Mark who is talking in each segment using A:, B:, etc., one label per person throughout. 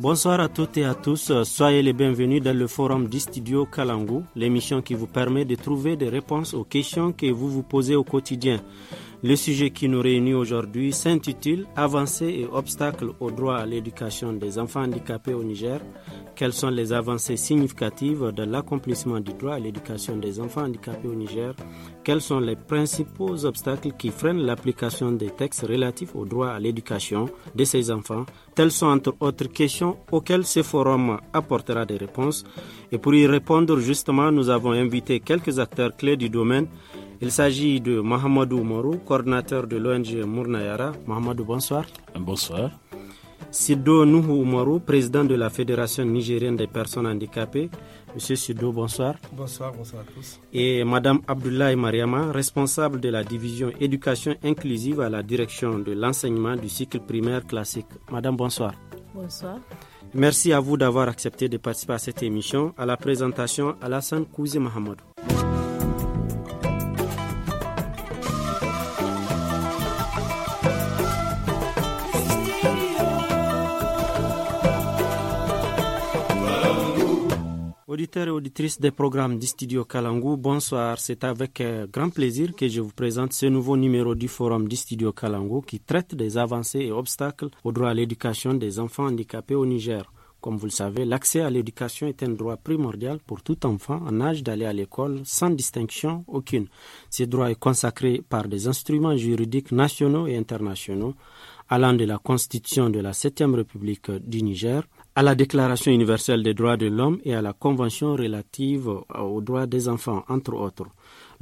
A: Bonsoir à toutes et à tous. Soyez les bienvenus dans le forum du studio Kalangu, l'émission qui vous permet de trouver des réponses aux questions que vous vous posez au quotidien. Le sujet qui nous réunit aujourd'hui s'intitule Avancées et obstacles au droit à l'éducation des enfants handicapés au Niger. Quelles sont les avancées significatives de l'accomplissement du droit à l'éducation des enfants handicapés au Niger Quels sont les principaux obstacles qui freinent l'application des textes relatifs au droit à l'éducation de ces enfants Telles sont entre autres questions auxquelles ce forum apportera des réponses. Et pour y répondre justement, nous avons invité quelques acteurs clés du domaine il s'agit de Mohamedou Oumarou, coordinateur de l'ONG Mournayara. Mohamedou, bonsoir. Bonsoir. Sido Nuhu Oumarou, président de la Fédération nigérienne des personnes handicapées. Monsieur Sido, bonsoir.
B: Bonsoir, bonsoir à tous.
A: Et Madame Abdoulaye Mariama, responsable de la division éducation inclusive à la direction de l'enseignement du cycle primaire classique. Madame, bonsoir. Bonsoir. Merci à vous d'avoir accepté de participer à cette émission. À la présentation, Alassane Kouzi Mahamadou. Auditeurs et auditrices des programmes du studio Kalangou, bonsoir. C'est avec euh, grand plaisir que je vous présente ce nouveau numéro du forum du studio Kalangou qui traite des avancées et obstacles au droit à l'éducation des enfants handicapés au Niger. Comme vous le savez, l'accès à l'éducation est un droit primordial pour tout enfant en âge d'aller à l'école sans distinction aucune. Ce droit est consacré par des instruments juridiques nationaux et internationaux allant de la Constitution de la 7e République du Niger à la Déclaration universelle des droits de l'homme et à la Convention relative aux droits des enfants, entre autres.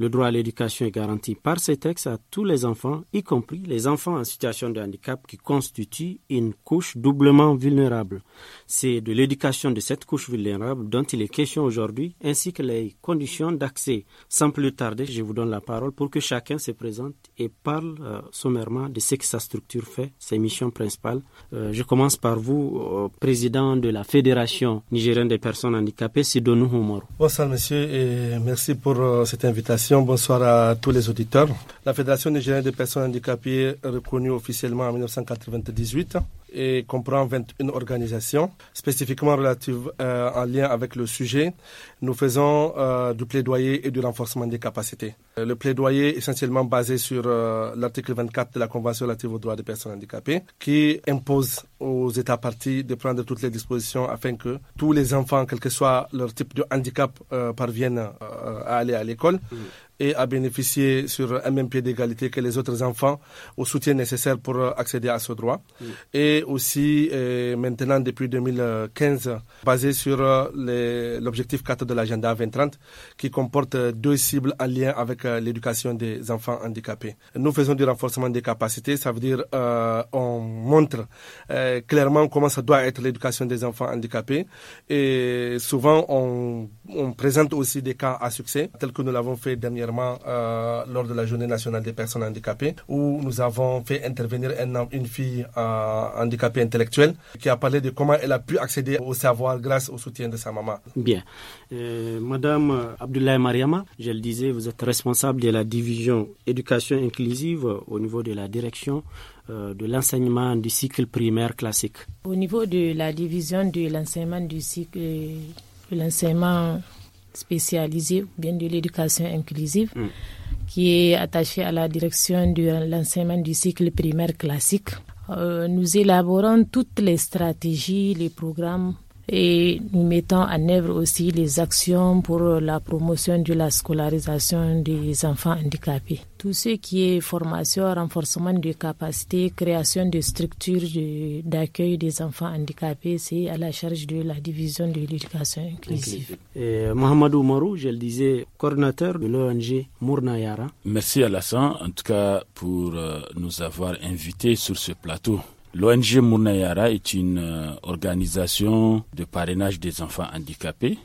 A: Le droit à l'éducation est garanti par ces textes à tous les enfants, y compris les enfants en situation de handicap qui constituent une couche doublement vulnérable. C'est de l'éducation de cette couche vulnérable dont il est question aujourd'hui, ainsi que les conditions d'accès. Sans plus tarder, je vous donne la parole pour que chacun se présente et parle euh, sommairement de ce que sa structure fait, ses missions principales. Euh, je commence par vous, euh, président de la Fédération nigérienne des personnes handicapées, Sidonou Humor.
B: Bonsoir monsieur et merci pour cette invitation Bonsoir à tous les auditeurs. La Fédération nigérienne des personnes handicapées, reconnue officiellement en 1998, et comprend 21 organisations spécifiquement relatives euh, en lien avec le sujet. Nous faisons euh, du plaidoyer et du renforcement des capacités. Euh, le plaidoyer est essentiellement basé sur l'article 24 de la Convention relative aux droits des personnes handicapées qui impose aux États partis de prendre toutes les dispositions afin que tous les enfants, quel que soit leur type de handicap, parviennent à aller à l'école. Mmh et à bénéficier sur un même pied d'égalité que les autres enfants au soutien nécessaire pour euh, accéder à ce droit. Et aussi, euh, maintenant, depuis 2015, basé sur euh, l'objectif 4 de l'agenda 2030, qui comporte deux cibles en lien avec l'éducation des enfants handicapés. Nous faisons du renforcement des capacités, ça veut dire euh, on montre clairement comment ça doit être l'éducation des enfants handicapés. Et souvent, on, on présente aussi des cas à succès, tels que nous l'avons fait dernièrement euh, lors de la Journée nationale des personnes handicapées, où nous avons fait intervenir une fille euh, handicapée intellectuelle qui a parlé de comment elle a pu accéder au savoir grâce au
A: soutien de sa maman. Bien. Euh, madame Abdoulaye Mariama, je le disais, vous êtes responsable de la division éducation inclusive au niveau de la direction de l'enseignement du cycle primaire classique.
C: Au niveau de la division de l'enseignement du cycle, de l'enseignement spécialisée ou bien de l'éducation inclusive mm. qui est attachée à la direction de l'enseignement du cycle primaire classique. Euh, nous élaborons toutes les stratégies, les programmes et nous mettons en œuvre aussi les actions pour la promotion de la scolarisation des enfants handicapés. Tout ce qui est formation, renforcement des capacités, création de structures d'accueil des enfants handicapés, c'est à la charge de la division de l'éducation inclusive.
A: Et euh, Mohamedou Marou, je le disais, coordinateur de l'ONG Mournayara.
D: Merci Alassane, en tout cas, pour euh, nous avoir invités sur ce plateau. L'ONG Mounayara est une euh, organisation de parrainage des enfants handicapés.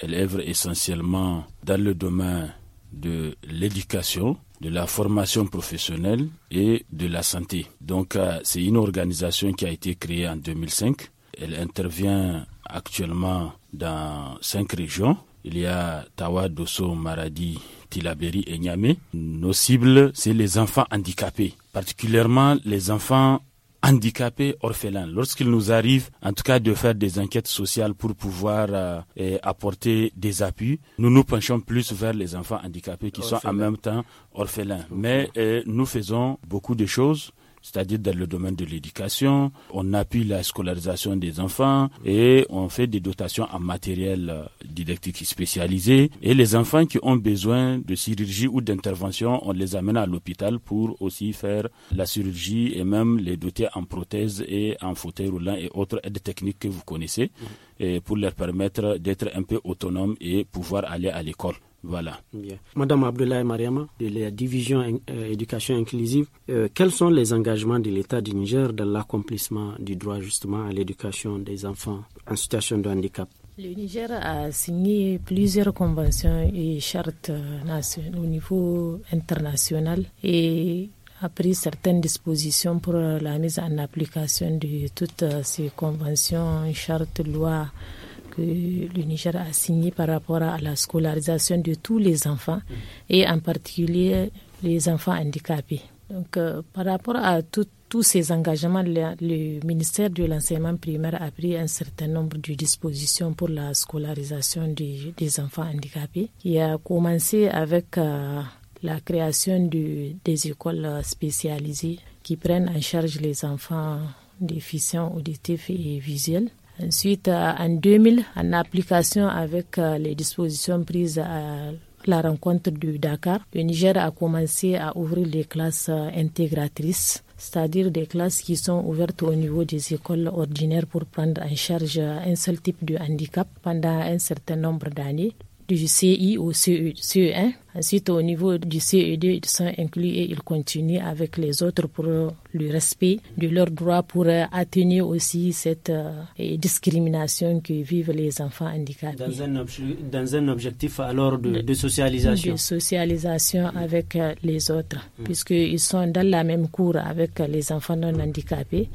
D: Elle œuvre essentiellement dans le domaine de l'éducation, de la formation professionnelle et de la santé. Donc euh, c'est une organisation qui a été créée en 2005. Elle intervient actuellement dans cinq régions. Il y a Tawa, Dosso, Maradi, Tilaberi et Niamey. Nos cibles, c'est les enfants handicapés, particulièrement les enfants handicapés orphelins. Lorsqu'il nous arrive, en tout cas, de faire des enquêtes sociales pour pouvoir euh, apporter des appuis, nous nous penchons plus vers les enfants handicapés qui sont en même temps orphelins. Mais euh, nous faisons beaucoup de choses c'est-à-dire dans le domaine de l'éducation. On appuie la scolarisation des enfants et on fait des dotations en matériel euh, didactique spécialisé. Et les enfants qui ont besoin de chirurgie ou d'intervention, on les amène à l'hôpital pour aussi faire la chirurgie et même les doter en prothèses et en fauteuil roulant et autres aides techniques que vous connaissez et pour leur permettre d'être un peu autonomes et pouvoir aller à l'école. Voilà. Madame
A: Madame Abdoulaye Mariama, de la division euh, éducation inclusive, euh, quels sont les engagements de l'État du Niger dans l'accomplissement du droit justement à l'éducation des enfants en situation de handicap
C: le Niger a signé plusieurs conventions et chartes euh, au niveau international et a pris certaines dispositions pour la mise en application de toutes ces conventions, chartes, lois que le Niger a signé par rapport à la scolarisation de tous les enfants et en particulier les enfants handicapés. Donc, euh, par rapport à tous ces engagements, le, ministère de l'enseignement primaire a pris un certain nombre de dispositions pour la scolarisation des, enfants handicapés, Il a commencé avec euh, la création des écoles spécialisées qui prennent en charge les enfants déficients auditifs et visuels. Ensuite, euh, en 2000, en application avec euh, les dispositions prises à la rencontre du Dakar, le Niger a commencé à ouvrir des classes euh, intégratrices c'est-à-dire des classes qui sont ouvertes au niveau des écoles ordinaires pour prendre en charge un seul type de handicap pendant un certain nombre d'années du CI au CE1. E Ensuite, au niveau du CE2, ils sont inclus et ils continuent avec les autres pour euh, le respect de leurs droits, pour euh, atteindre aussi cette euh, discrimination que vivent les enfants handicapés. Dans un,
A: dans un objectif alors de, de, socialisation. De
C: socialisation mm. avec les autres, mm. puisque puisqu'ils sont dans la même cour avec les enfants non mm. handicapés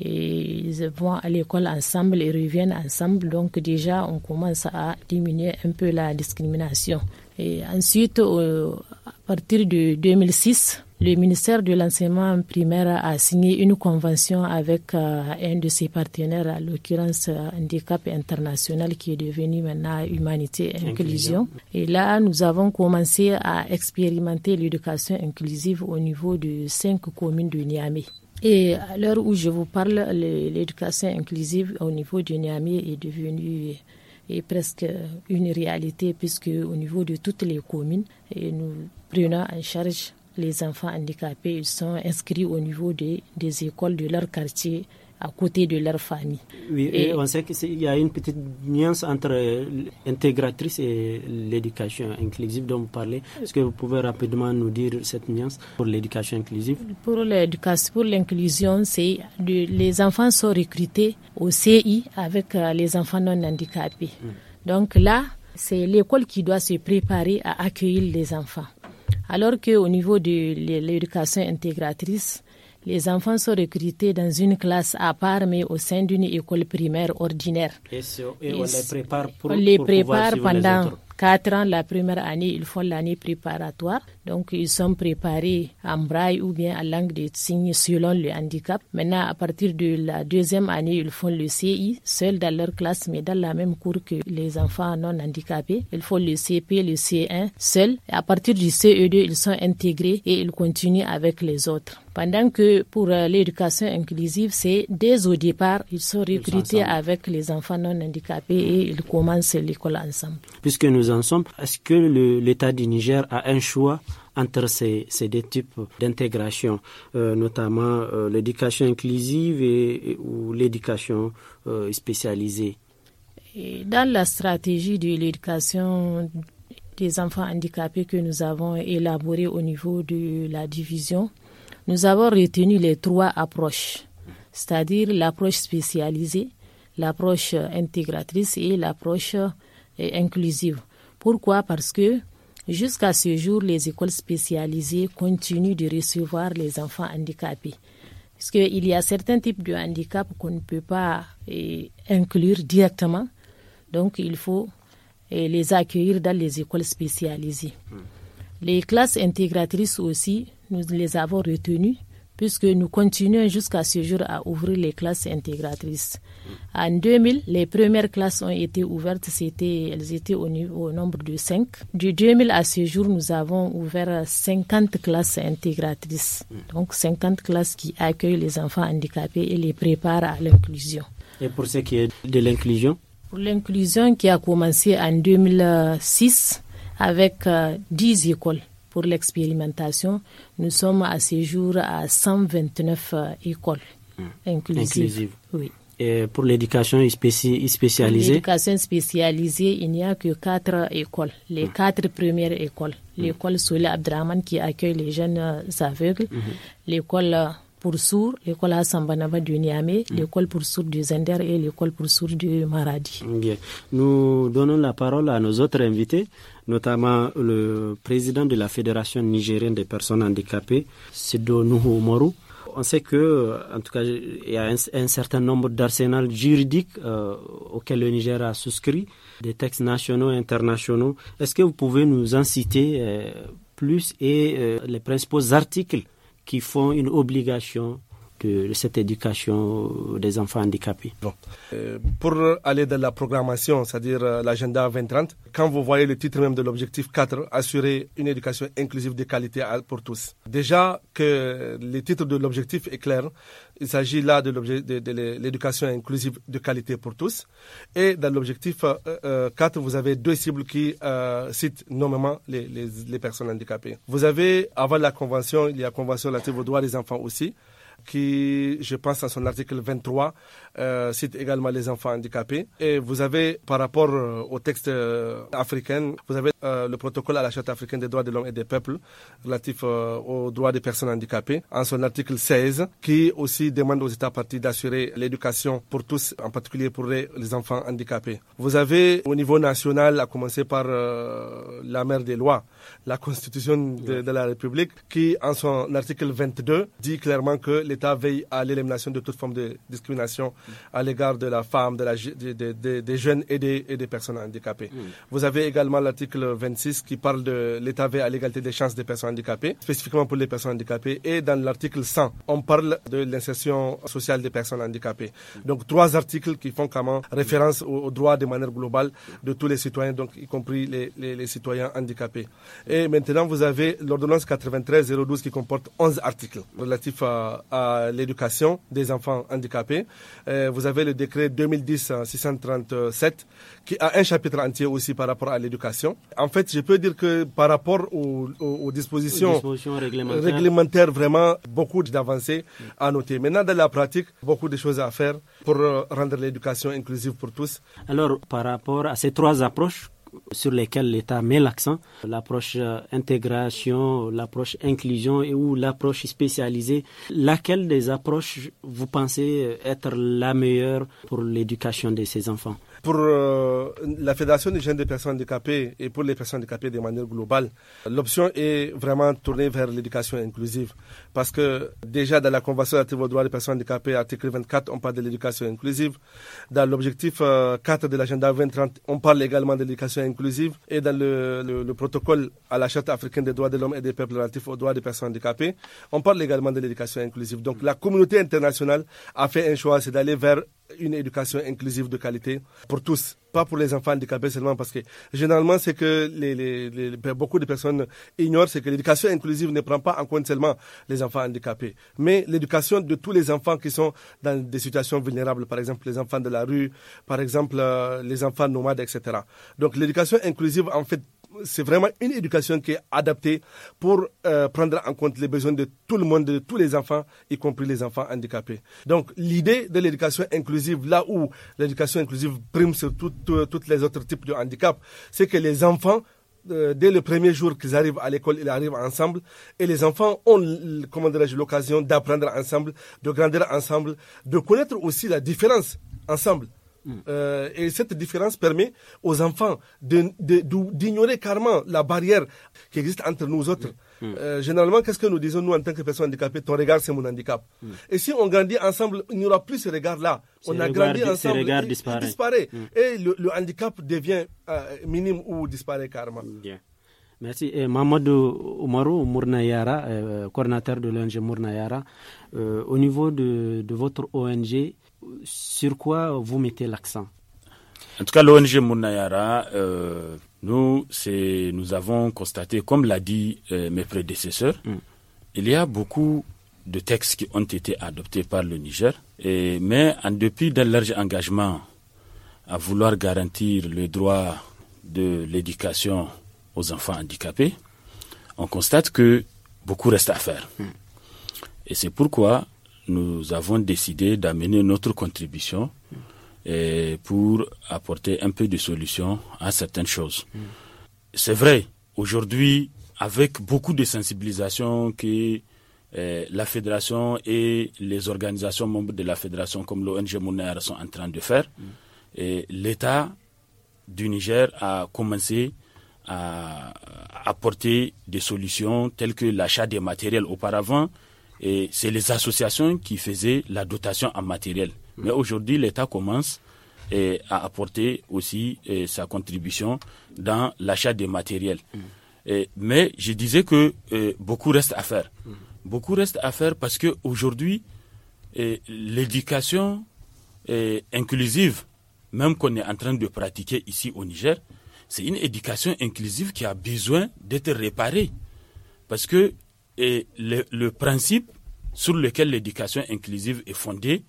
C: ils vont à l'école ensemble et reviennent ensemble. Donc déjà, on commence à diminuer un peu la discrimination. Et ensuite, à partir de 2006, le ministère de l'enseignement primaire a signé une convention avec euh, un de ses partenaires, à l'occurrence Handicap euh, International, qui est devenu maintenant Humanité et Inclusion. Et là, nous avons commencé à expérimenter l'éducation inclusive au niveau de cinq communes de Niamey. Et à l'heure où je vous parle, l'éducation inclusive au niveau du Niamey est devenue presque une réalité puisque au niveau de toutes les communes, nous prenons en charge les enfants handicapés. Ils sont inscrits au niveau des écoles de leur quartier à côté de leur famille. Oui,
A: on sait qu'il y a une petite nuance entre l'intégratrice et l'éducation inclusive dont vous parlez. Est-ce que vous pouvez rapidement nous dire cette nuance pour l'éducation inclusive
C: Pour l'éducation, pour l'inclusion, c'est les enfants sont recrutés au CI avec euh, les enfants non handicapés. Hum. Donc là, c'est l'école qui doit se préparer à accueillir les enfants. Alors qu'au niveau de l'éducation intégratrice, les enfants sont recrutés dans une classe à part, mais au sein d'une école primaire ordinaire. Et, on
A: les prépare pendant
C: quatre ans, la première année, ils font l'année préparatoire. Donc, ils sont préparés en braille ou bien en langue des signes selon le handicap. Maintenant, à partir de la deuxième année, ils font le CI, seul dans leur classe, mais dans la même cour que les enfants non handicapés. Ils font le CP, le C1, seul. Et à partir du CE2, ils sont intégrés et ils continuent avec les autres. Pendant que pour euh, l'éducation inclusive, c'est dès au départ, ils sont recrutés avec les enfants non handicapés et ils commencent l'école ensemble.
A: Puisque nous en sommes, est-ce que l'État du Niger a un choix entre ces, deux types d'intégration, euh, notamment euh, l'éducation inclusive ou l'éducation spécialisée
C: Dans la stratégie de l'éducation des enfants handicapés que nous avons élaborée au niveau de la division, nous avons retenu les trois approches, c'est-à-dire l'approche spécialisée, l'approche intégratrice et l'approche euh, inclusive. Pourquoi Parce que jusqu'à ce jour, les écoles spécialisées continuent de recevoir les enfants handicapés. Parce qu'il y a certains types de handicaps qu'on ne peut pas euh, inclure directement. Donc, il faut euh, les accueillir dans les écoles spécialisées. Hmm. Les classes intégratrices aussi nous les avons retenus puisque nous continuons jusqu'à ce jour à ouvrir les classes intégratrices. En 2000, les premières classes ont été ouvertes, C'était elles étaient au, au, nombre de 5. Du 2000 à ce jour, nous avons ouvert 50 classes intégratrices, donc 50 classes qui accueillent les enfants handicapés et les préparent à l'inclusion.
A: Et pour ce qui est de l'inclusion
C: Pour l'inclusion qui a commencé en 2006 avec 10 euh, écoles pour l'expérimentation. Nous sommes à ce jour à 129 euh, écoles hmm. inclusives. Oui.
A: Et pour l'éducation spécialisée
C: L'éducation spécialisée, il n'y a que quatre écoles, les hmm. quatre premières écoles. Hmm. L'école Soula Soule Abdraman qui accueille les jeunes euh, aveugles, l'école euh, pour sourds, l'école Assambanaba du Niamey, l'école pour sourds du Zender et l'école pour sourds du Maradi.
A: Nous donnons la parole à nos autres invités notamment le président de la Fédération nigérienne des personnes handicapées, Sido Nuhu On sait que, euh, en tout cas, il y a un, certain nombre d'arsenals juridiques euh, auxquels le Niger a souscrit, des textes nationaux et internationaux. Est-ce que vous pouvez nous en citer euh, plus et les principaux articles qui font une obligation de cette éducation des enfants handicapés. Bon. Euh, pour aller dans la programmation,
B: c'est-à-dire euh, l'agenda 2030, quand vous voyez le titre même de l'objectif 4, assurer une éducation inclusive de qualité pour tous. Déjà que le titre de l'objectif est clair, il s'agit là de l'éducation de, inclusive de qualité pour tous. Et dans l'objectif 4, euh, vous avez deux cibles qui citent nommément les, les personnes handicapées. Vous avez, avant la convention, il y a la convention relative aux droits des enfants aussi qui, je pense à son article 23, euh, cite également les enfants handicapés. Et vous avez, par rapport euh, au texte euh, africain, vous avez le protocole à la Charte africaine des droits de l'homme et des peuples relatif aux droits des personnes handicapées, en son article 16, qui aussi demande aux États partis d'assurer l'éducation pour tous, en particulier pour les, les, enfants handicapés. Vous avez, au niveau national, à commencer par la mère des lois, la Constitution de, de la République, qui, en son article 22, dit clairement que l'État veille à l'élimination de toute forme de discrimination à l'égard de la femme, des jeunes et des, personnes handicapées. Mm. Vous avez également l'article 26 qui parle de l'État à l'égalité des chances des personnes handicapées, spécifiquement pour les personnes handicapées. Et dans l'article 100, on parle de l'insertion sociale des personnes handicapées. Mm. Donc trois articles qui font comment référence aux, droits de manière globale de tous les citoyens, donc y compris les, citoyens handicapés. Et maintenant, vous avez l'ordonnance 93-012 qui comporte 11 articles relatifs à l'éducation des enfants handicapés. Euh, vous avez le décret 2010-637 euh, qui a un chapitre entier aussi par rapport à l'éducation. En fait, je peux dire que par rapport aux, dispositions, réglementaires. réglementaires vraiment, beaucoup d'avancées à noter. Maintenant, dans
A: la pratique, beaucoup de choses à faire pour euh, rendre l'éducation inclusive pour tous. Alors, par rapport à ces trois approches, sur lesquels l'État met l'accent, l'approche euh, intégration, l'approche inclusion et ou l'approche spécialisée, laquelle des approches vous pensez être la meilleure pour l'éducation de ces enfants
B: pour euh, la Fédération des jeunes des personnes handicapées et pour les personnes handicapées de manière globale, l'option est vraiment tournée vers l'éducation inclusive. Parce que déjà dans la Convention relative aux droits des personnes handicapées, article 24, on parle de l'éducation inclusive. Dans l'objectif 4 euh, de l'agenda 2030, on parle également de l'éducation inclusive. Et dans le, protocole à la Charte africaine des droits de l'homme et des peuples relatifs aux droits des personnes handicapées, on parle également de l'éducation inclusive. Donc la communauté internationale a fait un choix, c'est d'aller vers une éducation inclusive de qualité pour tous pas pour les enfants handicapés seulement, parce que généralement, c'est que les, beaucoup de personnes ignorent, c'est que l'éducation inclusive ne prend pas en compte seulement les enfants handicapés, mais l'éducation de tous les enfants qui sont dans des situations vulnérables, par exemple les enfants de la rue, par exemple euh, les enfants nomades, etc. Donc l'éducation inclusive, en fait, c'est vraiment une éducation qui est adaptée pour euh, prendre en compte les besoins de tout le monde, de tous les enfants, y compris les enfants handicapés. Donc l'idée de l'éducation inclusive, là où l'éducation inclusive prime sur tous les autres types de handicap, c'est que les enfants euh, dès le premier jour qu'ils arrivent à l'école, ils arrivent ensemble. Et les enfants ont, comment l'occasion d'apprendre ensemble, de grandir ensemble, de connaître aussi la différence ensemble. Mm. Euh, et cette différence permet aux enfants d'ignorer carrément la barrière qui existe entre nous autres. Mm. Mm. Euh, généralement, qu'est-ce que nous disons, nous, en tant que personnes handicapées Ton regard, c'est mon handicap. Et si on grandit ensemble, il n'y aura plus ce regard-là. On a grandi ensemble, regard disparaît. Et le, handicap devient euh, minime ou disparaît carrément. Bien.
A: Merci. Et Mamadou Oumarou Mournayara, coordinateur de l'ONG Mournayara, au niveau de votre ONG, sur quoi vous mettez l'accent
D: En tout cas, l'ONG Mounayara, euh, nous, nous avons constaté, comme l'a dit euh, mes prédécesseurs, mm. il y a beaucoup de textes qui ont été adoptés par le Niger, et, mais en dépit d'un large engagement à vouloir garantir le droit de l'éducation aux enfants handicapés, on constate que beaucoup reste à faire. Mm. Et c'est pourquoi nous avons décidé d'amener notre contribution eh, pour apporter un peu de solution à certaines choses. C'est vrai, aujourd'hui, avec beaucoup de sensibilisation que eh, la fédération et les organisations membres de la fédération comme l'ONG Monaire sont en train de faire, et eh, l'État du Niger a commencé à apporter des solutions telles que l'achat des matériels auparavant, et c'est les associations qui faisaient la dotation en matériel. Mais aujourd'hui, l'État commence eh, à apporter aussi eh, sa contribution dans l'achat des matériels. Et, eh, mais je disais que beaucoup reste à faire. Beaucoup reste à faire parce que aujourd'hui, l'éducation inclusive, même qu'on est en train de pratiquer ici au Niger, c'est une éducation inclusive qui a besoin d'être réparée. Parce que et le, principe sur lequel l'éducation inclusive est fondée,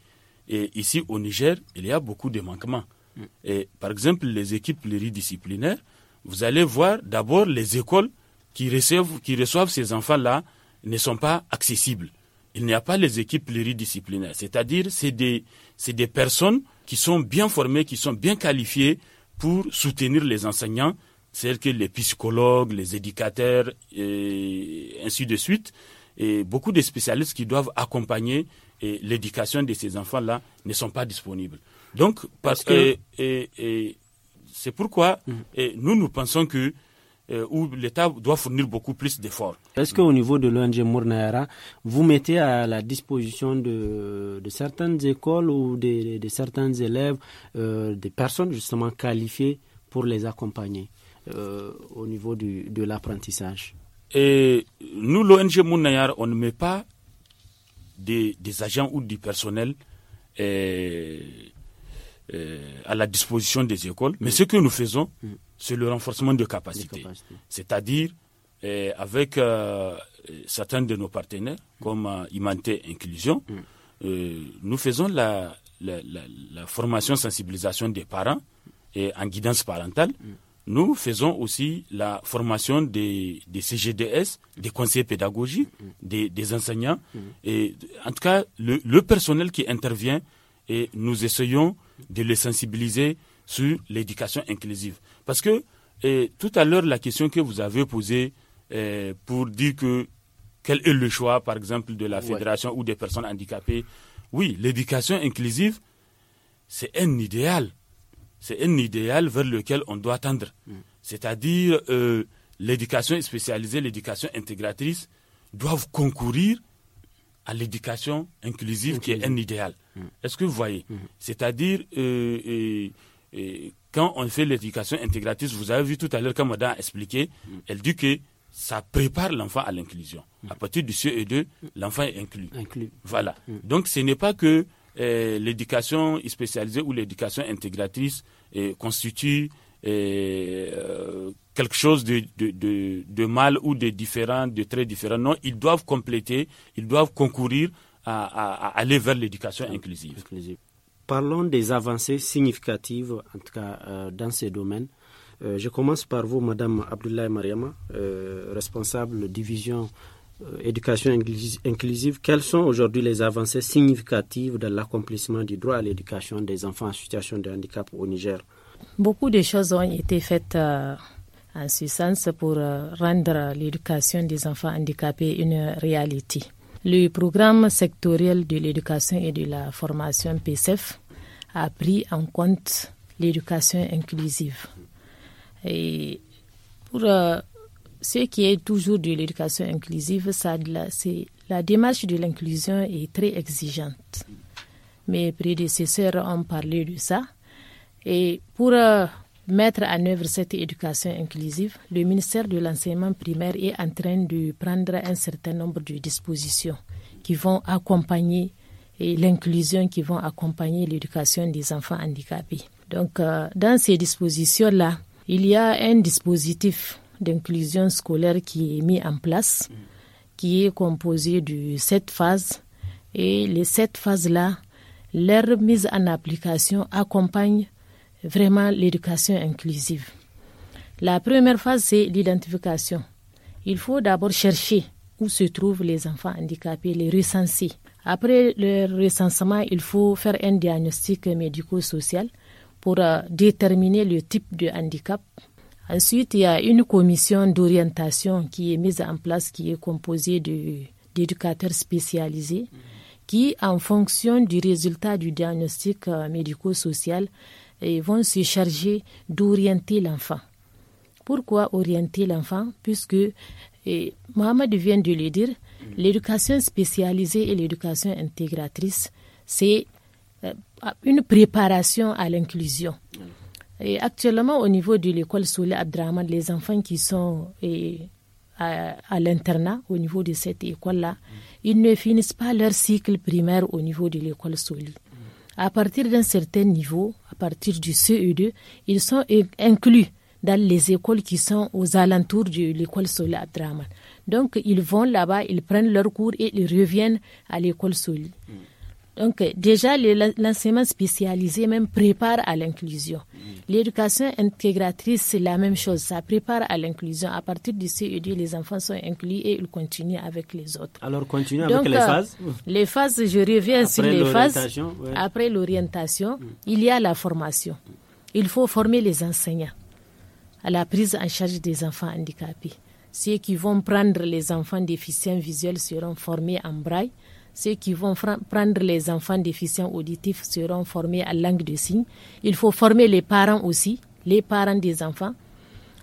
D: et ici au Niger, il y a beaucoup de manquements. Mm. Et par exemple, les équipes pluridisciplinaires, vous allez voir d'abord les écoles qui reçoivent, qui reçoivent ces enfants-là ne sont pas accessibles. Il n'y a pas les équipes pluridisciplinaires, c'est-à-dire c'est des, des personnes qui sont bien formées, qui sont bien qualifiées pour soutenir les enseignants c'est-à-dire que les psychologues, les éducateurs, et ainsi de suite, et beaucoup de spécialistes qui doivent accompagner l'éducation de ces enfants-là ne sont pas disponibles. Donc, parce que c'est pourquoi mhm. nous, nous pensons que euh, l'État doit fournir beaucoup plus d'efforts.
A: Est-ce qu'au niveau de l'ONG Mournayara, vous mettez à la disposition de, certaines écoles ou de, certains élèves euh, des personnes justement qualifiées pour les accompagner euh, au niveau de l'apprentissage
D: Et nous, l'ONG Mounayar, on ne met pas des, agents ou du personnel euh, euh, à la disposition des écoles, mais mm. ce que nous faisons, mm. c'est le renforcement de capacités. C'est-à-dire, avec certains de nos partenaires, mm. comme Imante Inclusion, nous faisons la, la, la, formation sensibilisation des parents et en guidance parentale nous faisons aussi la formation des, CGDS, des conseillers pédagogiques, mm. des, enseignants. Mm. Et en tout cas, le, personnel qui intervient, et nous essayons de les sensibiliser sur l'éducation inclusive. Parce que tout à l'heure, la question que vous avez posée euh, pour dire que quel est le choix, par exemple, de la fédération ou des personnes handicapées, oui, l'éducation inclusive, c'est un idéal c'est un idéal vers lequel on doit tendre. C'est-à-dire, euh, l'éducation spécialisée, l'éducation intégratrice doivent concourir à l'éducation inclusive qui est un idéal. Mm. Est-ce que vous voyez mm. C'est-à-dire, euh, euh, quand on fait l'éducation intégratrice, vous avez vu tout à l'heure quand Madame a expliqué, mm. elle dit que ça prépare l'enfant à l'inclusion. À partir du CE2, l'enfant est inclus. Inclus. Voilà. Donc, ce n'est pas que euh, l'éducation spécialisée ou l'éducation intégratrice euh, constitue euh, quelque chose de, de, de, mal ou de différent, de très différent. Non, ils doivent compléter, ils doivent concourir à, aller vers l'éducation inclusive.
A: Parlons des avancées significatives, en tout cas dans ces domaines. je commence par vous, Madame Abdoulaye Mariama, responsable division euh, éducation inclusive, quelles sont aujourd'hui les avancées significatives dans l'accomplissement du droit à l'éducation des enfants en situation de handicap au Niger
C: Beaucoup de choses ont été faites euh, en ce sens pour euh, rendre l'éducation des enfants handicapés une réalité. Le programme sectoriel de l'éducation et de la formation PCF e a pris en compte l'éducation inclusive. Et pour ce qui est toujours de l'éducation inclusive, ça, c'est la démarche de l'inclusion est très exigeante. Mes prédécesseurs ont parlé de ça. Et pour euh, mettre en œuvre cette éducation inclusive, le ministère de l'enseignement primaire est en train de prendre un certain nombre de dispositions qui vont accompagner l'inclusion, qui vont accompagner l'éducation des enfants handicapés. Donc, euh, dans ces dispositions-là, il y a un dispositif d'inclusion scolaire qui est mis en place, qui est composé de sept phases. Et les sept phases-là, leur mise en application accompagne vraiment l'éducation inclusive. La première phase, c'est l'identification. Il faut d'abord chercher où se trouvent les enfants handicapés, les recenser. Après le recensement, il faut faire un diagnostic médico-social pour euh, déterminer le type de handicap Ensuite, il y a une commission d'orientation qui est mise en place, qui est composée d'éducateurs spécialisés, qui, en fonction du résultat du diagnostic euh, médico-social, vont se charger d'orienter l'enfant. Pourquoi orienter l'enfant Puisque, Mohamed vient de le dire, l'éducation spécialisée et l'éducation intégratrice, c'est euh, une préparation à l'inclusion. Et actuellement, au niveau de l'école à Abdraman, les enfants qui sont eh, à, l'internat, au niveau de cette école-là, ils ne finissent pas leur cycle primaire au niveau de l'école Souli. À partir d'un certain niveau, à partir du CE2, ils sont inclus dans les écoles qui sont aux alentours de l'école à Abdraman. Donc, ils vont là-bas, ils prennent leurs cours et ils reviennent à l'école Souli. Donc déjà, l'enseignement spécialisé même prépare à l'inclusion. Mm. L'éducation intégratrice, c'est la même chose, ça prépare à l'inclusion. À partir du CE2, les enfants sont inclus et ils continuent avec les autres.
A: Alors continuez avec les euh, phases
C: Les phases, je reviens sur les phases. Après l'orientation, mm. il y a la formation. Il faut former les enseignants à la prise en charge des enfants handicapés. Ceux qui vont prendre les enfants déficients visuels seront formés en braille ceux qui vont prendre les enfants déficients auditifs seront formés à langue de signe. Il faut former les parents aussi, les parents des enfants,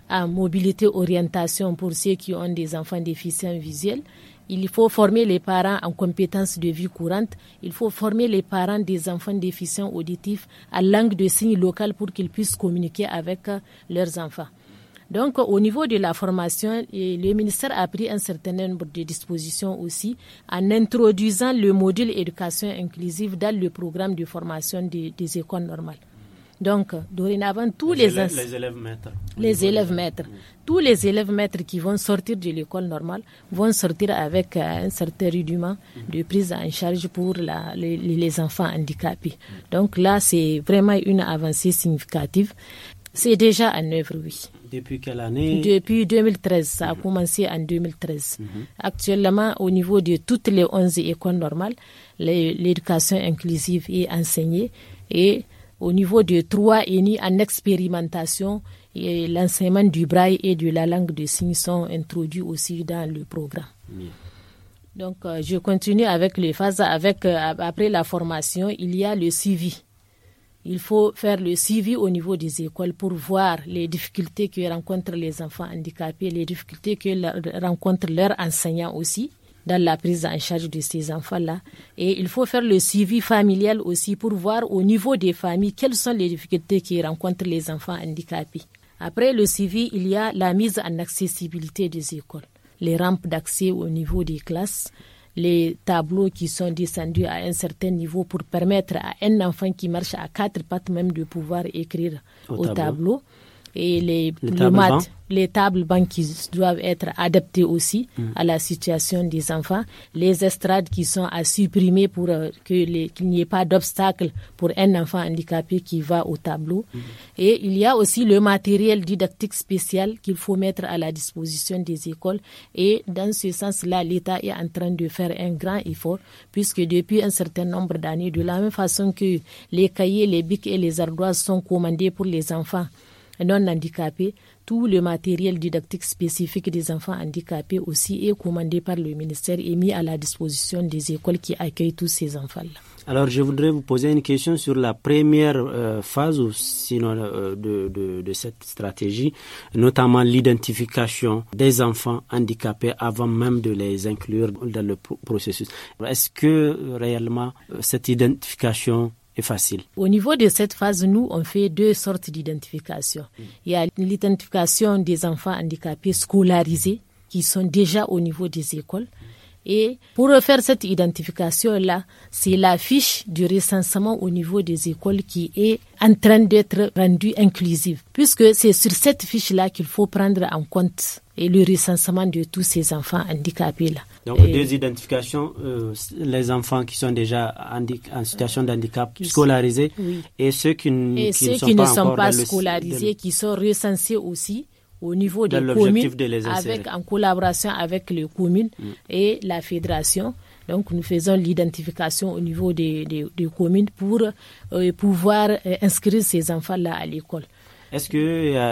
C: à mobilité orientation pour ceux qui ont des enfants déficients visuels. Il faut former les parents en compétences de vie courante. Il faut former les parents des enfants déficients auditifs à langue de signe locale pour qu'ils puissent communiquer avec euh, leurs enfants. Donc, au niveau de la formation, le ministère a pris un certain nombre de dispositions aussi en introduisant le module éducation inclusive dans le programme de formation des, écoles normales. Donc, dorénavant, tous les, élèves, maîtres. Tous les élèves maîtres qui vont sortir de l'école normale vont sortir avec euh, un certain rudiment de prise en charge pour les, enfants handicapés. Donc là, c'est vraiment une avancée significative. C'est déjà en œuvre, oui.
A: Depuis quelle année Depuis
C: 2013, ça a mhm. commencé en 2013. Mhm. Actuellement, au niveau de toutes les 11 écoles normales, l'éducation inclusive est enseignée et au niveau de trois ENI en expérimentation, l'enseignement du braille et de la langue des signes sont introduits aussi dans le programme. Donc, euh, je continue avec les phases. Avec, euh, après la formation, il y a le suivi il faut faire le suivi au niveau des écoles pour voir les difficultés que rencontrent les enfants handicapés, les difficultés que rencontrent leurs enseignants aussi dans la prise en charge de ces enfants-là. Et il faut faire le suivi familial aussi pour voir au niveau des familles quelles sont les difficultés que rencontrent les enfants handicapés. Après le suivi, il y a la mise en accessibilité des écoles, les rampes d'accès au niveau des classes, les tableaux qui sont descendus à un certain niveau pour permettre à un enfant qui marche à quatre pattes même de pouvoir écrire au, tableau et les, les tables bancs qui doivent être adaptées aussi mm. à la situation des enfants, les estrades qui sont à supprimer pour euh, qu'il n'y ait pas d'obstacle pour un enfant handicapé qui va au tableau. Mm. Et il y a aussi le matériel didactique spécial qu'il faut mettre à la disposition des écoles. Et dans ce sens-là, l'État est en train de faire un grand effort puisque depuis un certain nombre d'années, de la même façon que les cahiers, les bics et les ardoises sont commandés pour les enfants non handicapés. Tout le matériel didactique spécifique des enfants handicapés aussi est commandé par le ministère et mis à la disposition des écoles qui accueillent tous ces enfants-là.
A: Alors, je voudrais vous poser une question sur la première euh, phase sinon, euh, de, de, cette stratégie, notamment l'identification des enfants handicapés avant même de les inclure dans le processus. Est-ce que euh, réellement cette identification facile.
C: Au niveau de cette phase, nous, on fait deux sortes d'identification. Mm. Il y a l'identification des enfants handicapés scolarisés qui sont déjà au niveau des écoles. Et pour faire cette identification-là, c'est la fiche du recensement au niveau des écoles qui est en train d'être rendue inclusive, puisque c'est sur cette fiche-là qu'il faut prendre en compte le recensement de tous ces enfants handicapés
A: Donc, deux identifications, euh, les enfants qui sont déjà en situation d'handicap scolarisés et ceux qui, ne sont qui pas, ne sont pas scolarisés,
C: qui sont recensés aussi au niveau des communes, avec, en collaboration avec les communes mm. et la fédération. Donc, nous faisons l'identification au niveau des, communes pour euh, pouvoir euh, inscrire ces enfants-là à l'école.
A: Est-ce qu'il y a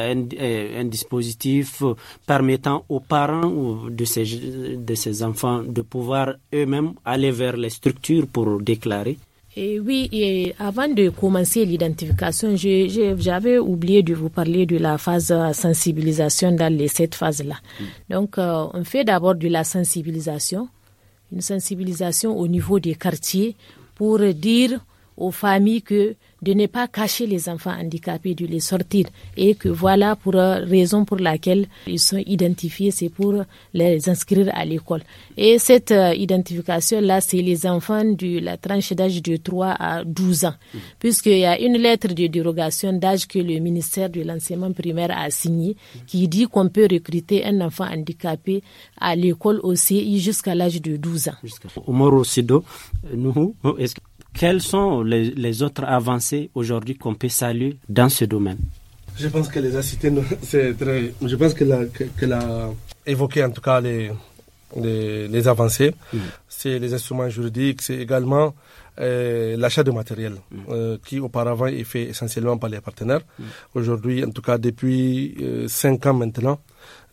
A: un, dispositif permettant aux parents de ces, de ces enfants de pouvoir eux-mêmes aller vers les structures pour déclarer
C: et eh oui, et avant de commencer l'identification, j'avais oublié de vous parler de la phase sensibilisation dans les phase phases-là. Mm. Donc, euh, on fait d'abord de la sensibilisation, une sensibilisation au niveau des quartiers pour dire aux familles que de ne pas cacher les enfants handicapés, de les sortir. Et que voilà pour euh, raison pour laquelle ils sont identifiés, c'est pour les inscrire à l'école. Et cette euh, identification-là, c'est les enfants de la tranche d'âge de 3 à 12 ans. Puisqu'il y a une lettre de dérogation d'âge que le ministère de l'enseignement primaire a signée qui dit qu'on peut recruter un enfant handicapé à l'école aussi jusqu'à l'âge de 12 ans.
A: nous, est-ce que quelles sont les, autres avancées aujourd'hui qu'on peut saluer dans ce domaine
B: Je pense que les a c'est très. Je pense que la, évoqué en tout cas les, les, avancées, mm. c'est les instruments juridiques, c'est également euh, l'achat de matériel mm. euh, qui auparavant est fait essentiellement par les partenaires. Mm. Aujourd'hui, en tout cas depuis 5 euh, cinq ans maintenant,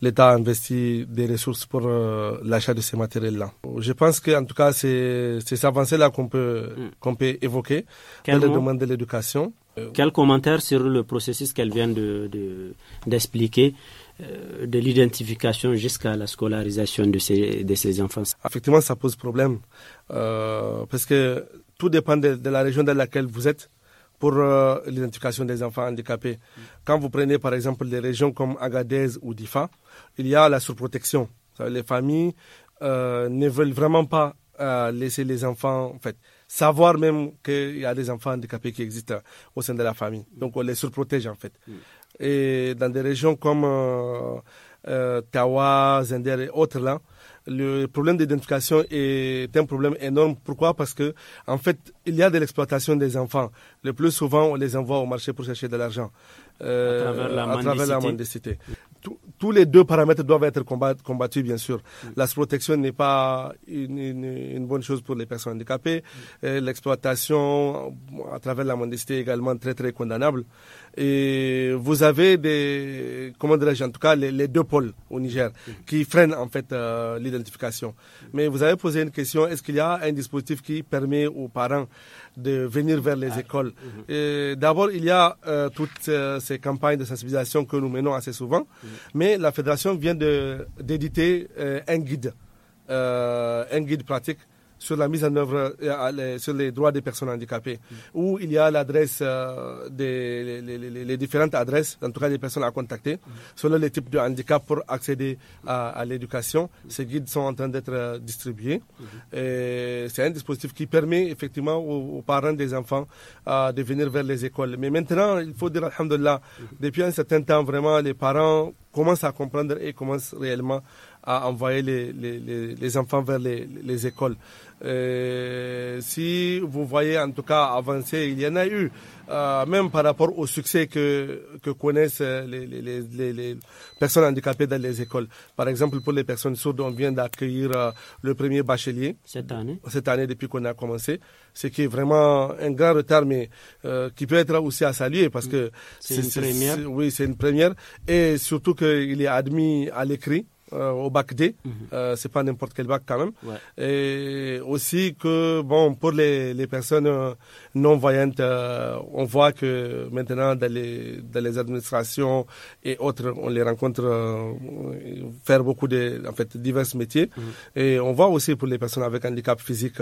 B: l'État a investi des ressources pour l'achat de ces matériels-là. Je pense que en tout cas c'est ces avancées-là qu'on peut mm. qu'on peut évoquer
A: Quel dans de
B: l'éducation.
A: Quel commentaire sur le processus qu'elle vient de d'expliquer? De, l'identification jusqu'à la scolarisation de ces, de ces enfants. Effectivement, ça pose problème parce que tout dépend de, la
B: région dans laquelle vous êtes pour euh, l'identification des enfants handicapés. Quand vous prenez par exemple des régions comme Agadez ou Difa, il y a la surprotection. Les familles euh, ne veulent vraiment pas euh, laisser les enfants, en fait, savoir même qu'il y a des enfants handicapés qui existent au sein de la famille. Donc on les surprotège en fait. Mm. Et dans des régions comme Tawa, Zender et autres là, le problème d'identification est un problème énorme. Pourquoi Parce que en fait, il y a de l'exploitation des enfants. Le plus souvent, on les envoie au marché pour chercher de l'argent. Euh, à travers la tous les deux paramètres doivent être combattus, bien sûr. Mm. La protection n'est pas une, bonne chose pour les personnes handicapées. Mm. L'exploitation à travers la mendicité est également très très condamnable. Et vous avez des, comment dirais-je, en tout cas les, deux pôles au Niger mm. qui freinent en fait euh, l'identification. Mais vous avez posé une question, est-ce qu'il y a un dispositif qui permet aux parents de venir vers les écoles. Mm-hmm. D'abord, il y a euh, toutes ces campagnes de sensibilisation que nous menons assez souvent, mm-hmm. mais la fédération vient d'éditer euh, un guide, euh, un guide pratique sur la mise en œuvre euh, sur les droits des personnes handicapées, mm. où il y a l'adresse euh, des les, différentes adresses, en tout cas des personnes à contacter, mm. selon les types de handicap pour accéder à, l'éducation. Mm. Ces guides sont en train d'être euh, distribués. C'est un dispositif qui permet effectivement aux, parents des enfants de venir vers les écoles. Mais maintenant, il faut dire, alhamdulillah, depuis un certain temps, vraiment, les parents commencent à comprendre et commencent réellement à envoyer les, les, les enfants vers les, les écoles. Euh, si vous voyez en tout cas avancer, il y en a eu, euh, même par rapport au succès que, que connaissent euh, les, les, les, personnes handicapées dans les écoles. Par exemple, pour les personnes sourdes, on vient d'accueillir euh, le premier bachelier. Cette année Cette année, depuis qu'on a commencé. Ce qui est vraiment un grand retard, mais qui peut être aussi à saluer parce que c'est une première. Oui, c'est une première. Et surtout qu'il est admis à l'écrit. Euh, au bac D. Mhm. Euh, c'est pas n'importe quel bac quand même. Et aussi que bon pour les, les personnes euh, non voyantes, on voit que maintenant dans les dans les administrations et autres, on les rencontre faire beaucoup de en fait divers métiers. Mhm. Et on voit aussi pour les personnes avec handicap physique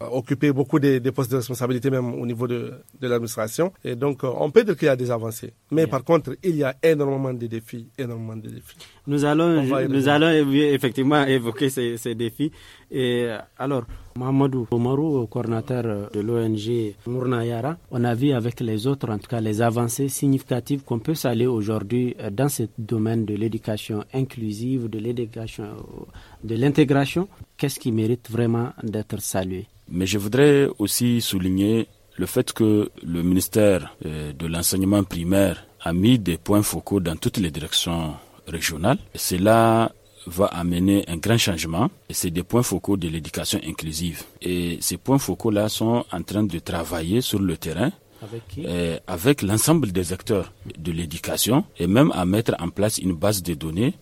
B: occuper beaucoup des, des, postes de responsabilité même au niveau de, de l'administration. Et donc, on peut dire qu'il y a des avancées. Mais par contre, il y a
A: énormément de défis, énormément de défis. Nous allons, effectivement évoquer ces, défis. Et alors, Mamadou Omarou, coordinateur de l'ONG Mournayara, on a vu avec les autres, en tout cas, les avancées significatives qu'on peut saluer aujourd'hui euh, dans ce domaine de l'éducation inclusive, de l'éducation, euh, de l'intégration. Qu'est-ce qui mérite vraiment d'être salué
D: Mais je voudrais aussi souligner le fait que le ministère euh, de l'enseignement primaire a mis des points focaux dans toutes les directions régional. Cela va amener un grand changement. C'est des points focaux de l'éducation inclusive. Et ces points focaux-là sont en train de travailler sur le terrain avec, euh, avec l'ensemble des acteurs de l'éducation et même à mettre en place une base de données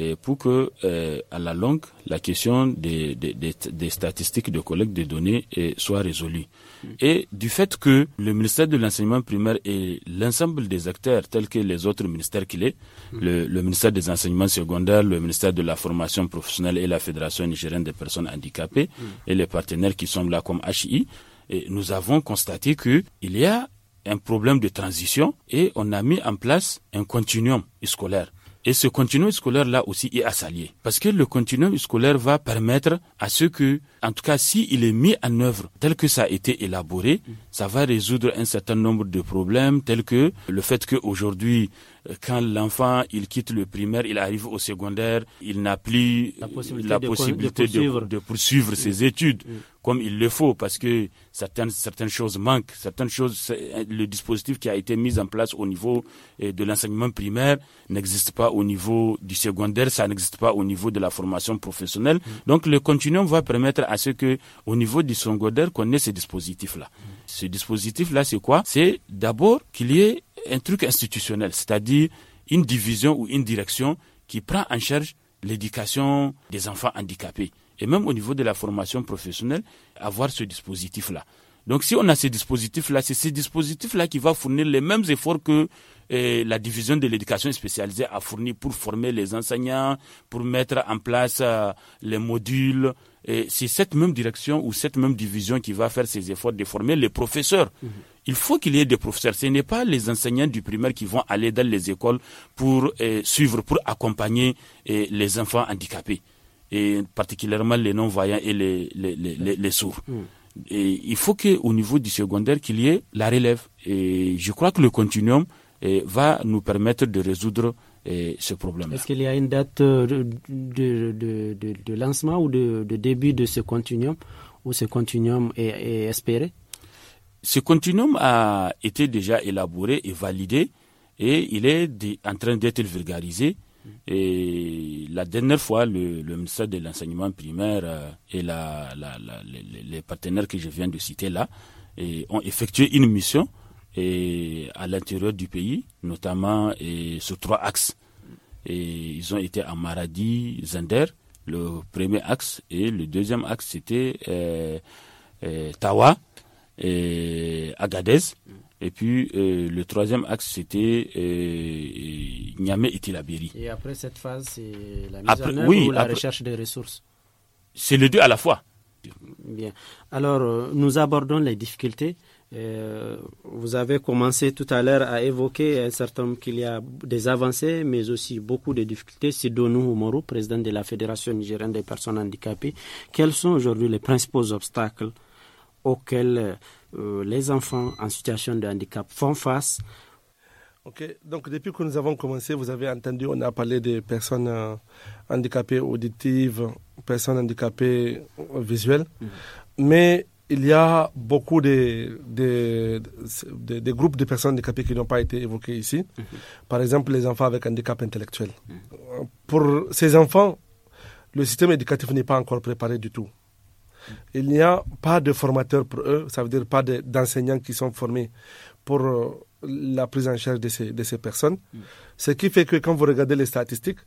D: et pour que, euh, à la longue, la question des, des, des, statistiques de collecte des données euh, soit résolue. Mm. Et du fait que le ministère de l'enseignement primaire et l'ensemble des acteurs, tels que les autres ministères qu'il est, mm. le, le, ministère des enseignements secondaires, le ministère de la formation professionnelle et la Fédération nigérienne des personnes handicapées, mm. et les partenaires qui sont là comme HI, et nous avons constaté que il y a un problème de transition et on a mis en place un continuum scolaire. Et ce continuum scolaire-là aussi est à s'allier. Parce que le continuum scolaire va permettre à ce que, en tout cas, s'il est mis en œuvre tel que ça a été élaboré, ça va résoudre un certain nombre de problèmes tels que le fait qu'aujourd'hui, quand l'enfant il quitte le primaire, il arrive au secondaire, il n'a plus la possibilité, de, poursuivre, ses études comme il le faut parce que certaines certaines choses manquent, certaines choses le dispositif qui a été mis en place au niveau eh, de l'enseignement primaire n'existe pas au niveau du secondaire, ça n'existe pas au niveau de la formation professionnelle. Donc le continuum va permettre à ce que au niveau du secondaire qu'on ait ces dispositifs là. Ce dispositif là c'est quoi C'est d'abord qu'il y ait un truc institutionnel, c'est-à-dire une division ou une direction qui prend en charge l'éducation des enfants handicapés. Et même au niveau de la formation professionnelle, avoir ce dispositif-là. Donc si on a ce dispositif-là, c'est ce dispositif-là qui va fournir les mêmes efforts que eh, la division de l'éducation spécialisée a fourni pour former les enseignants, pour mettre en place euh, les modules. Et c'est cette même direction ou cette même division qui va faire ces efforts de former les professeurs. Mmh il faut qu'il y ait des professeurs. Ce n'est pas les enseignants du primaire qui vont aller dans les écoles pour euh, suivre, pour accompagner euh, les enfants handicapés, et particulièrement les non-voyants et les, sourds. Mm. il faut qu'au niveau du secondaire, qu'il y ait la relève. Et je crois que le continuum euh, va nous permettre de résoudre ce problème. Est-ce
A: qu'il y a une date de, lancement ou de, début de ce continuum où ce continuum est espéré
D: ce continuum a été déjà élaboré et validé et il est en train d'être vulgarisé. Et la dernière fois, le, ministère de l'enseignement primaire euh, et les, partenaires que je viens de citer là ont effectué une mission à l'intérieur du pays, notamment sur trois axes. ils ont été à Maradi, Zender, le premier axe, et le deuxième axe c'était euh, euh, Tawa, Agadez. Euh, et puis euh, le troisième axe, c'était euh, Niamey et Tilabiri
A: Et après cette phase, c'est la mise en œuvre ou la recherche des ressources
D: C'est les deux à la fois.
A: Bien. Alors, euh, nous abordons les difficultés. vous avez commencé tout à l'heure à évoquer un certain qu'il y a des avancées, mais aussi beaucoup de difficultés. C'est Donou président de la Fédération nigérienne des personnes handicapées. Quels sont aujourd'hui les principaux obstacles auxquels euh, les enfants en situation de handicap font face.
B: Ok, donc depuis que nous avons commencé, vous avez entendu, on a parlé des personnes euh, handicapées auditives, personnes handicapées visuelles, mm-hmm. mais il y a beaucoup de, groupes de personnes handicapées qui n'ont pas été évoqués ici. Mm-hmm. Par exemple, les enfants avec handicap intellectuel. Mm-hmm. Pour ces enfants, le système éducatif n'est pas encore préparé du tout il n'y a pas de formateurs pour eux, ça veut dire pas d'enseignants qui sont formés pour euh, la prise en charge de ces, personnes. Mm. Ce qui fait que quand vous regardez les statistiques,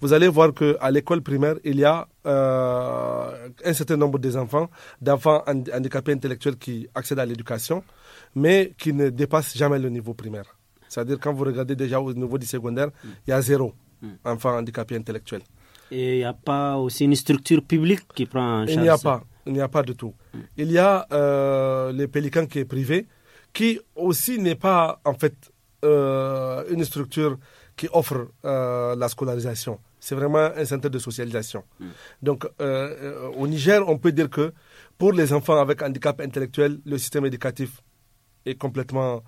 B: vous allez voir qu'à l'école primaire, il y a euh, un certain nombre d'enfants, d'enfants handicapés intellectuels qui accèdent à l'éducation, mais qui ne dépassent jamais le niveau primaire. C'est-à-dire quand vous regardez déjà au niveau du secondaire, mm. il y a zéro mm. enfant handicapé intellectuel. Et il n'y a pas aussi une structure publique
A: qui prend en charge Il n'y a pas
B: il n'y a pas de tout. Il y a euh, les Pélicans qui est privé, qui aussi n'est pas en fait euh, une structure qui offre euh, la scolarisation. C'est vraiment un centre de socialisation. Mm. Donc au Niger, on peut dire que pour les enfants avec handicap intellectuel, le système éducatif est complètement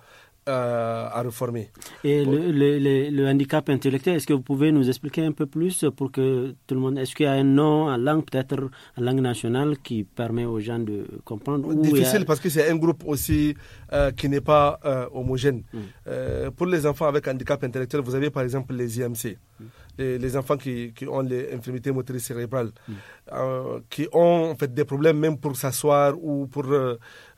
B: euh, à reformer.
A: Et le, handicap intellectuel, est-ce que vous pouvez nous expliquer un peu plus pour que tout le monde. Est-ce qu'il y a un nom un langue, peut-être une langue nationale, qui permet aux gens de comprendre Difficile
B: parce que c'est un groupe aussi euh, qui n'est pas euh, homogène. Mm. pour les enfants avec handicap intellectuel, vous avez par exemple les IMC, mm. les, enfants qui, ont les infirmités motrices cérébrales, mm. qui ont en fait des problèmes même pour s'asseoir ou pour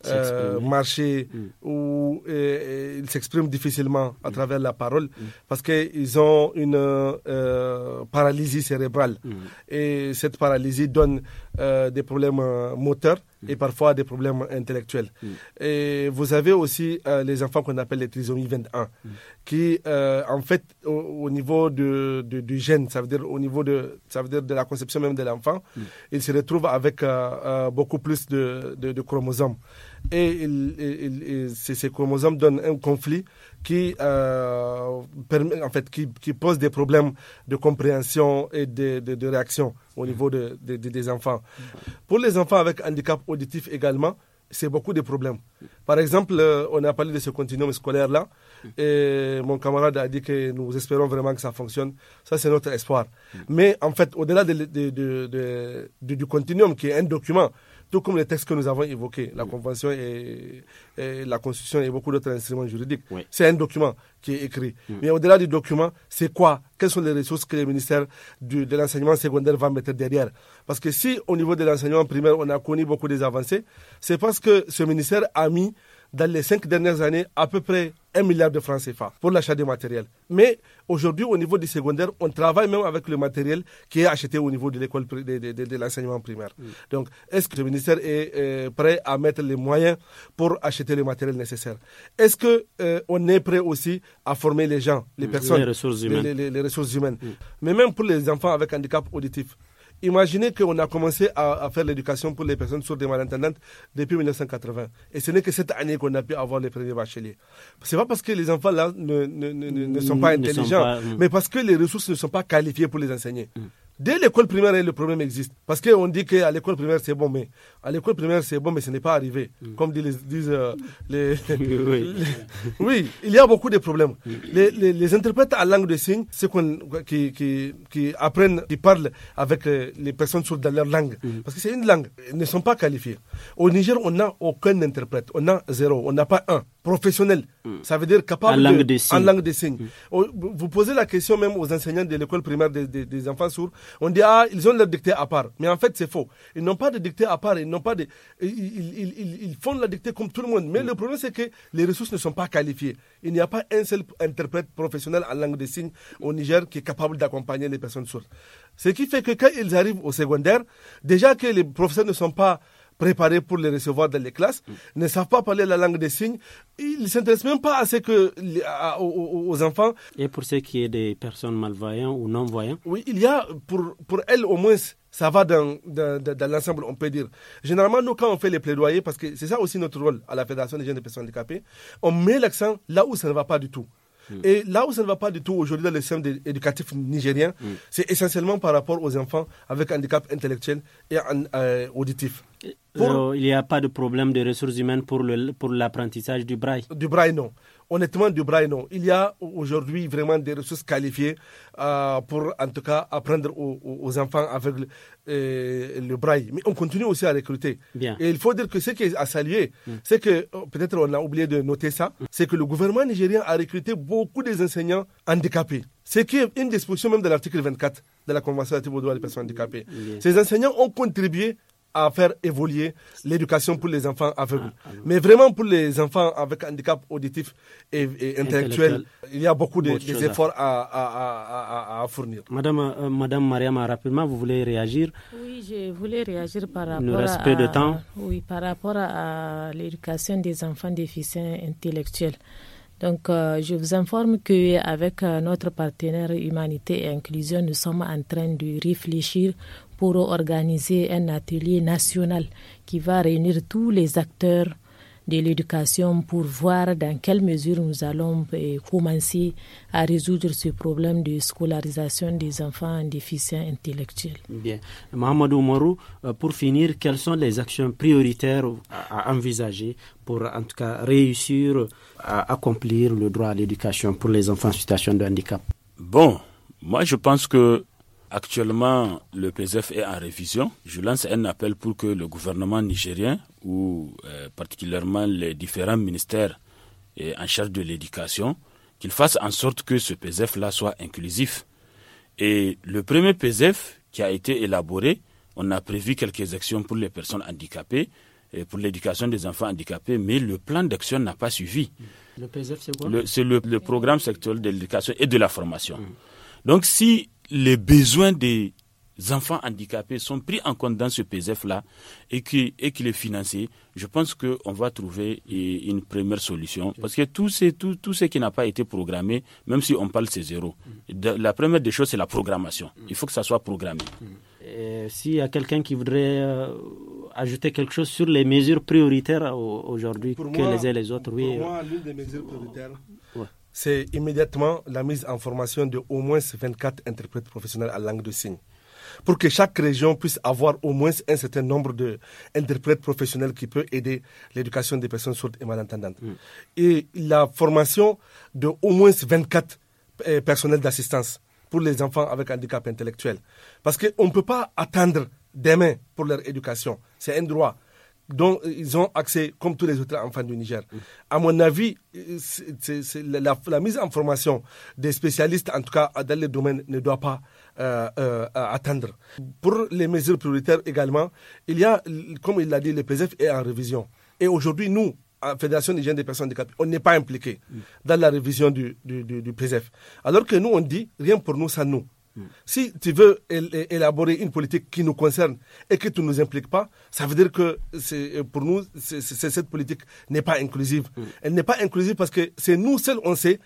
B: euh, marcher marché mm. euh, euh, ils s'expriment difficilement à mm. travers la parole mm. parce qu'ils ont une paralysie cérébrale. Et cette paralysie donne euh, des problèmes euh, moteurs et mm. parfois des problèmes intellectuels. Mm. Et vous avez aussi euh, les enfants qu'on appelle les trisomies 21, mm. qui, en fait, au, niveau de, du gène, ça veut dire au niveau de, ça veut dire de la conception même de l'enfant, ils se retrouvent avec beaucoup plus de, chromosomes. Et, ces chromosomes donnent un conflit qui, euh, permet, en fait, qui, qui, pose des problèmes de compréhension et de, de, réaction au mm. niveau de, des enfants. Pour les enfants avec handicap auditif également, c'est beaucoup de problèmes. Par exemple, euh, on a parlé de ce continuum scolaire-là, mm. et mon camarade a dit que nous espérons vraiment que ça fonctionne. Ça, c'est notre espoir. Mm. Mais en fait, au-delà de, du continuum, qui est un document tout comme les textes que nous avons évoqués, la Convention et, la Constitution et beaucoup d'autres instruments juridiques. C'est un document qui est écrit. Mm. Mais au-delà du document, c'est quoi Quelles sont les ressources que le ministère de l'enseignement secondaire va mettre derrière Parce que si au niveau de l'enseignement primaire, on a connu beaucoup des avancées, c'est parce que ce ministère a mis dans les cinq dernières années, à peu près un milliard de francs CFA pour l'achat des matériels. Mais aujourd'hui, au niveau du secondaire, on travaille même avec le matériel qui est acheté au niveau de l'école de, l'enseignement primaire. Mm. Donc, est-ce que le ministère est euh, prêt à mettre les moyens pour acheter le matériel nécessaire Est-ce qu'on euh, est prêt aussi à former les gens, les personnes, les ressources humaines, les, ressources humaines. Mais même pour les enfants avec handicap auditif, Imaginez qu'on a commencé à, faire l'éducation pour les personnes sourdes et malentendantes depuis 1980. Et ce n'est que cette année qu'on a pu avoir les premiers bacheliers. C'est pas parce que les enfants là ne, sont mmh, pas intelligents, mmh. mais parce que les ressources ne sont pas qualifiées pour les enseigner. Mmh. Dès l'école primaire, le problème existe. Parce qu'on dit qu'à l'école primaire, c'est bon, mais à l'école primaire, c'est bon, mais ce n'est pas arrivé. Mm. Comme disent, euh, les, oui. il y a beaucoup de problèmes. Mm. Les, les, interprètes à langue de signes, ceux qui, qui, qui, apprennent, qui parlent avec euh, les personnes sourdes dans leur langue, mm. parce que c'est une langue, ils ne sont pas qualifiés. Au Niger, on n'a aucun interprète. On a zéro. On n'a pas un professionnel, hmm. ça veut dire capable en langue des signes. Hmm. Oh, vous posez la question même aux enseignants de l'école primaire des, enfants sourds, on dit ah ils ont leur dictée à part, mais en fait c'est faux. Ils n'ont pas de dictée à part, ils n'ont pas de, ils, ils, ils, font la dictée comme tout le monde. Mais hmm. le problème c'est que les ressources ne sont pas qualifiées. Il n'y a pas un seul interprète professionnel en langue des signes au Niger qui est capable d'accompagner les personnes sourdes. Ce qui fait que quand ils arrivent au secondaire, déjà que les professeurs ne sont pas préparés pour les recevoir dans les classes, mm. ne savent pas parler la langue des signes, ils ne s'intéressent même pas à ce que, aux, enfants. Et pour ce qui est des
A: personnes malvoyantes ou non-voyantes
B: Oui, il y a, pour, pour elles au moins, ça va dans, dans, dans l'ensemble, on peut dire. Généralement, nous, quand on fait les plaidoyers, parce que c'est ça aussi notre rôle à la Fédération des jeunes des personnes handicapées, on met l'accent là où ça ne va pas du tout. Et là où ça ne va pas du tout aujourd'hui dans le système éducatif nigérien, mm. c'est essentiellement par rapport aux enfants avec handicap intellectuel et
A: euh, auditif. Euh, il n'y a pas de problème de ressources humaines pour l'apprentissage du braille
B: Du braille, non honnêtement du braille, non. Il y a aujourd'hui vraiment des ressources qualifiées euh, pour en tout cas apprendre aux, enfants avec euh, le, braille. Mais on continue aussi à recruter. Et il faut dire que ce qui est à saluer, mm. c'est que euh, peut-être on a oublié de noter ça, mm. c'est que le gouvernement nigérien a recruté beaucoup des enseignants handicapés. C'est une disposition même de l'article 24 de la Convention relative aux droits des personnes handicapées. Ces enseignants ont contribué à faire évoluer l'éducation pour les enfants aveugles. Ah, Mais vraiment pour les enfants
A: avec handicap auditif et, intellectuel, il y a beaucoup de, efforts à, fournir. Madame, euh, Madame Mariama, rapidement, vous voulez réagir
C: Oui, je voulais réagir par rapport de temps. Oui, par rapport à l'éducation des enfants déficients intellectuels. Donc, euh, je vous informe qu'avec avec euh, notre partenaire Humanité et Inclusion, nous sommes en train de réfléchir pour organiser un atelier national qui va réunir tous les acteurs de l'éducation pour voir dans quelle mesure nous allons eh, commencer à résoudre ce problème de scolarisation des enfants en déficience intellectuelle.
A: Bien. Mahamadou Morou, euh, pour finir, quelles sont les actions prioritaires à envisager pour en tout cas réussir à accomplir le droit à l'éducation pour les enfants en situation de handicap Bon,
D: moi je pense que Actuellement, le PSEF est en révision. Je lance un appel pour que le gouvernement nigérien, ou euh, particulièrement les différents ministères en charge de l'éducation, qu'ils fassent en sorte que ce psef là soit inclusif. Et le premier PSEF qui a été élaboré, on a prévu quelques actions pour les personnes handicapées et pour l'éducation des enfants handicapés, mais le plan d'action n'a pas suivi.
A: Le PSEF, c'est quoi
D: C'est le, le, programme sectoriel de l'éducation et de la formation. Mmh. Donc si les besoins des enfants handicapés sont pris en compte dans ce PSF-là et qu'il et est financé, je pense qu'on va trouver eh, une première solution. Parce que tout ce, tout, tout ce qui n'a pas été programmé, même si on parle, c'est zéro. Mm. La première des choses, c'est la programmation. Mm. Il faut que ça soit programmé. Mm.
A: S'il y a quelqu'un qui voudrait euh, ajouter quelque chose sur les mesures prioritaires aujourd'hui que les les autres, pour oui. Euh,
B: moi, l'une des mesures prioritaires, c'est immédiatement la mise en formation de au moins 24 interprètes professionnels à langue de signes pour que chaque région puisse avoir au moins un certain nombre d'interprètes professionnels qui peuvent aider l'éducation des personnes sourdes et malentendantes. Mm. Et la formation de au moins 24 euh, personnels d'assistance pour les enfants avec handicap intellectuel. Parce qu'on ne peut pas attendre demain pour leur éducation. C'est un droit dont ils ont accès, comme tous les autres enfants du Niger. À mon avis, la, mise en formation des spécialistes, en tout cas dans le domaine, ne doit pas euh, euh attendre. Pour les mesures prioritaires également, il y a, comme il l'a dit, le PSF est en révision. Et aujourd'hui, nous, à Fédération nigérienne des personnes handicapées, on n'est pas impliqué mm. dans la révision du, du, du PSF. Alors que nous, on dit, rien pour nous sans nous. Mm. Si tu veux élaborer une politique qui nous concerne et que tu ne nous impliques pas, ça veut dire que euh, pour nous, cette politique n'est pas inclusive. Mm. Elle n'est pas inclusive parce que c'est nous seuls, on sait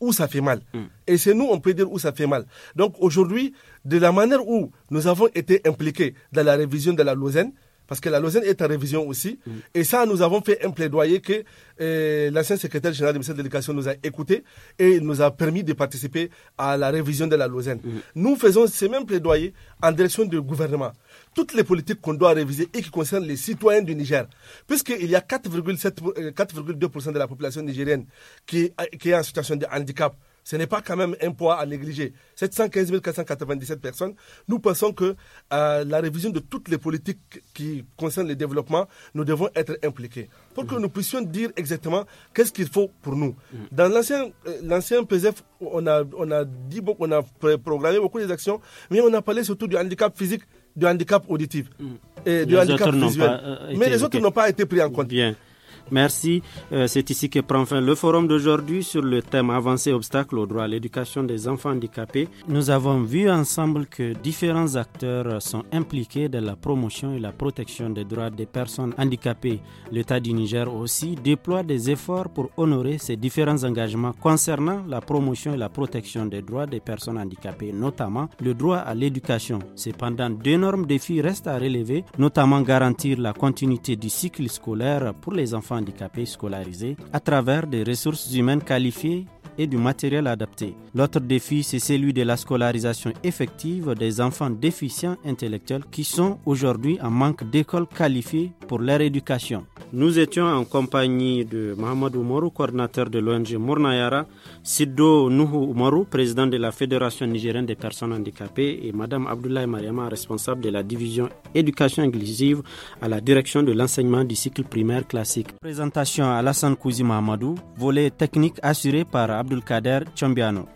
B: où ça fait mal. Mm. Et c'est nous, on peut dire où ça fait mal. Donc aujourd'hui, de la manière où nous avons été impliqués dans la révision de la Lausanne, parce que la Lausanne est en révision aussi. Mm. Et ça, nous avons fait un plaidoyer que euh, l'ancien secrétaire général du ministère de l'Éducation nous a écouté et nous a permis de participer à la révision de la Lausanne. Mm. Nous faisons ce même plaidoyer en direction du gouvernement. Toutes les politiques qu'on doit réviser et qui concernent les citoyens du Niger, puisqu'il y a 4,2% euh, de la population nigérienne qui est en situation de handicap ce n'est pas quand même un poids à négliger. 715 497 personnes, nous pensons que euh, la révision de toutes les politiques qui concernent le développement, nous devons être impliqués pour que nous puissions dire exactement qu'est-ce qu'il faut pour nous. Dans l'ancien, euh, PSF, on a, on a dit beaucoup, on a programmé beaucoup des actions, mais on a parlé surtout du handicap physique, du handicap auditif mm. et du handicap visuel. Euh, mais les autres n'ont
A: pas été pris en compte. Merci. Euh, c'est ici que prend fin le forum d'aujourd'hui sur le thème avancé obstacle au droit à l'éducation des enfants handicapés. Nous avons vu ensemble que différents acteurs sont impliqués dans la promotion et la protection des droits des personnes handicapées. L'État du Niger aussi déploie des efforts pour honorer ses différents engagements concernant la promotion et la protection des droits des personnes handicapées, notamment le droit à l'éducation. Cependant, d'énormes défis restent à relever, notamment garantir la continuité du cycle scolaire pour les enfants handicapés scolarisés à travers des ressources humaines qualifiées et du matériel adapté. L'autre défi, c'est celui de la scolarisation effective des enfants déficients intellectuels qui sont aujourd'hui en manque d'écoles qualifiées pour leur éducation. Nous étions en compagnie de Mohamed Oumarou, coordinateur de l'ONG Mournayara, Sido Nuhu Oumarou, président de la Fédération nigérienne des personnes handicapées, et Madame Abdoulaye Mariama, responsable de la division éducation inclusive à la direction de l'enseignement du cycle primaire classique. Présentation à Alassane Kouzima Amadou, volet technique assuré par Abdulkader Chambiano.